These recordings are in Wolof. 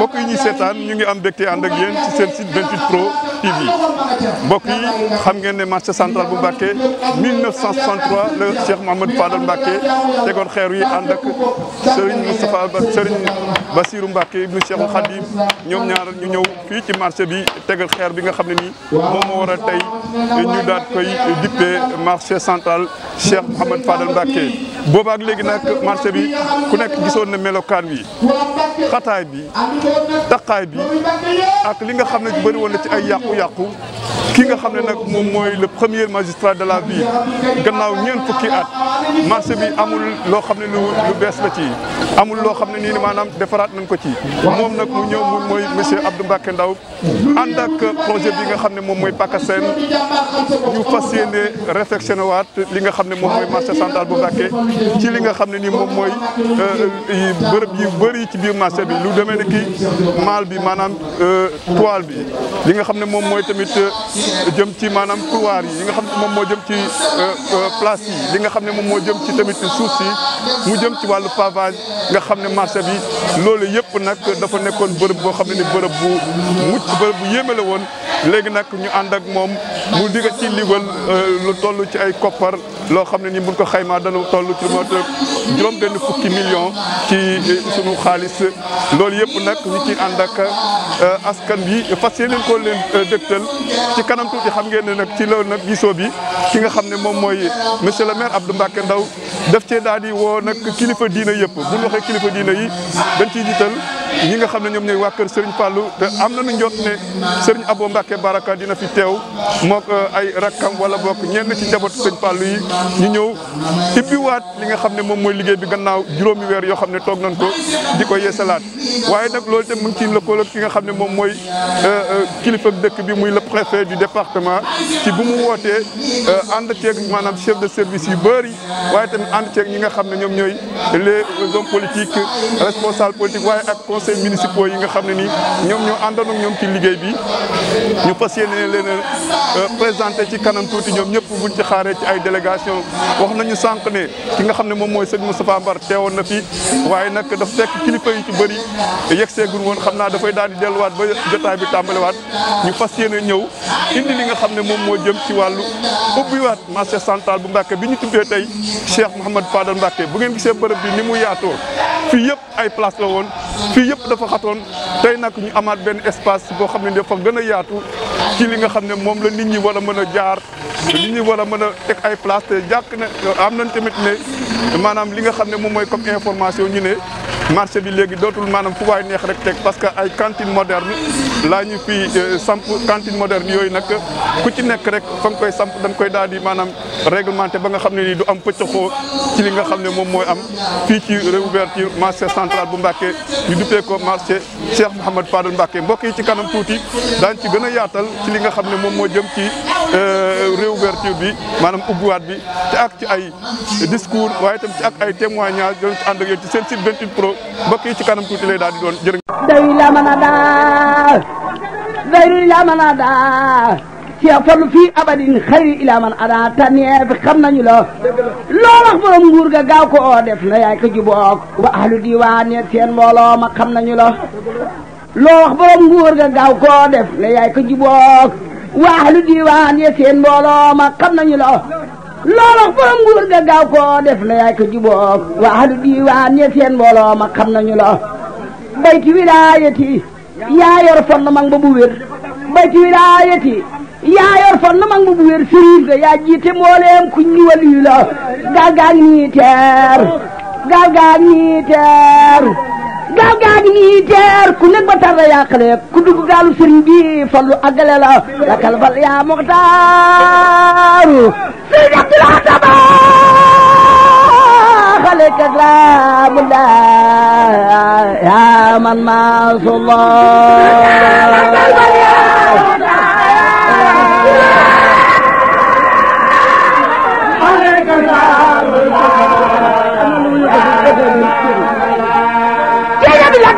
bokk yi ñuy seetaan ñu ngi am mbégte ànd ak yéen ci seen site 28 pro TV. mbokk yi xam ngeen ne marché central bu Mbacké 1963 la Cheikh Mouhamadou Fadal Mbacké tegoon xeer yi ànd ak Serigne Moustapha Ba Serigne Bassirou Mbacké ibnu Cheikhul Khadim ñoom ñaar ñu ñëw fii ci marché bi tegal xeer bi nga xam ne nii moom moo war a tey ñu daal koy dippee marché central Cheikh Mouhamadou Fadal Mbacké boobaak léegi nag marché bi ku nekk gisoon na melokaan wi xataay bi taqaay bi ak li nga xam ne bëri woon na ci ay yàqu-yàqu ki nga xam ne nag moom mooy le premier magistrat de la ville gannaaw ñeent fukki at marché bi amul loo xam ne lu lu bees la ci amul loo xam ne nii maanaam defaraat nañ ko ci moom nag mu ñëw mu mooy monsieur Abdou Mbacke Ndaw ànd ak projet bi nga xam ne moom mooy PACASEN ñu fas yéene réflexionné waat li nga xam ne moom mooy marché central bu Mbacke ci li nga xam ne nii moom mooy euh, bërëb yu bëri ci biir marché bi lu demee ne ki maal bi maanaam euh, toile bi li nga xam ne moom mooy tamit euh, jëm ci maanaam couloir yi li nga xam ne moom moo jëm ci place yi li nga xam ne moom moo jëm ci tamit suuf si mu jëm ci wàllu pavage nga xam ne marché bi loolu yëpp nag dafa nekkoon bërëb boo xam ne ni bërëb bu mucc bërëb bu yéeme la woon léegi nag ñu ànd ak moom mu digga ci ligal euh, lu toll ci ay koppar loo xam ne ni buñ ko xaymaa dana tollu ci lu juróom benn fukki million ci eh, sunu xaalis loolu yëpp nag ñu ci ànd ak eh, askan bi fas yéeneen ko leen eh, dëgtal ci kanam tuuti xam ngeen ne nag ci loolu nag gisoo bi ki nga xam ne moom mooy monsieur le maire Abdou Mbacke Ndaw def cee daal di woo nag kilifa diina yëpp bu ñu waxee kilifa diina yi dañ ci jiital ñi nga xam ne ñoom ñooy waa kër Serigne Fallou te am na nu jot ne Serigne Abo Mbacke Baraka dina fi teew mook euh, ay rakkam walla bokk ñenn ci njabootu Serigne Fallou yi ñu ñëw ibbiwaat li nga xam ne moom mooy liggéey bi gannaaw juróomi weer yoo xam ne toog nañ ko di ko yeesalaat waaye nag loolu itam mu ngi ci ki nga xam ne moom mooy euh, euh, kilifa dëkk bi muy le préfet du département ci bu mu wootee ànd ceeg maanaam chef de service yu bëri waaye tamit ànd ceeg nga xam ne ñoom ñooy les conseils municipaux yi nga xam ne nii ñoom ñoo àndoon ak ñoom ci liggéey bi ñu fas yéene leen a euh, présenté ci kanam tuuti ñoom ñëpp buñ ci xaaree ci ay délégation wax nañu sànq ne ki nga xam ne moom mooy sëñ Moustapha Mbar teewoon na fi waaye nag dafa fekk kilifa yi ci bëri yegg seegul woon xam naa dafay daal di delluwaat ba jotaay bi tàmbaliwaat ñu fas yéene ñëw indi li nga xam ne moom moo jëm ci wàllu ubbiwaat marché central bu Mbàkke bi ñu tuddee tey Cheikh Mouhamed Fadal Mbàkke bu ngeen gisee bërëb bi ni mu yaatoo fii yëpp ay place la woon fii yëpp dafa xatoon tey nag ñu amaat benn espace boo xam ne dafa gën a yaatu ci li nga xam ne moom la nit ñi war a mën a jaar nit ñi war a mën a teg ay place te jàkk na am nañ tamit ne maanaam li nga xam ne moom mooy comme information ñu ne marché bi léegi dootul maanaam fu waay neex rek teg parce que ay cantine moderne laa ñu fi euh, samp cantine moderne yooyu nag ku ci nekk rek fa nga koy samp dañ koy daal di maanaam réglementé ba nga xam ne nii du am pëccëxoo ci li nga xam ne moom mooy am fii ci réouverture marché centrale bu Mbacké ñu duppee ko marché Cheikh Mouhamed Fadel Mbacké mbokk yi ci kanam tuuti daañ ci gën a yaatal ci li nga xam ne moom moo jëm ci Euh, réouverture bi maanaam ubbiwaat bi te ak ci ay discours waaye tam ci ak ay témoignages doon ci ànd ak yéen ci seen site 28 pro mbokk yi ci kanam tuuti lay daal di doon jërë. dayu la mën a daa dayu la mën a daa Cheikh Fallou fii abadin xëy ila man ada tanier bi xam na yaay ko juboog wa ahlu diwaan yeeg seen mbooloo ma xam borom nguur ga gaaw ko def na yaay ko juboog waa ahlu diwaan ya seen mbooloo ma xam nañu la loola borom nguur ga gaaw koo def na yaay ko jubóog waa ahlu diwaan ya seen mbooloo ma xam nañu la bayti wilaayati yaa yor fon na mag ba bu wér bayti wilaayati yaa fon na mag ba bu wér sëriñ ga jiite mbooleem kuñ ñu waliyu la gaal gaal ñii teer gaal gaal ñii teer gaal yi teer ku nekk ba tarda yàqale ku dugg gaalu sëriñ fallu àggale la lakal bal yaa moxtaaru sëriñ Abdoulaye Taba xale kat laa mu yaa man maa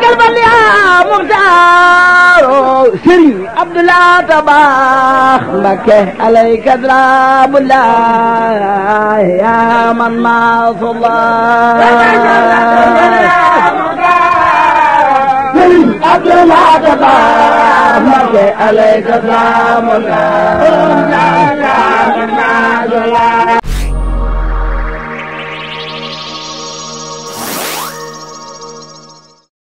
yerbal yaa muxtaaroo sëriñ Abdoulaye Tabax Mbakke alayka drabullah yaa man maa sollaa sëriñ Abdoulaye Tabax Mbakke alayka drabullah yaa man maa sollaa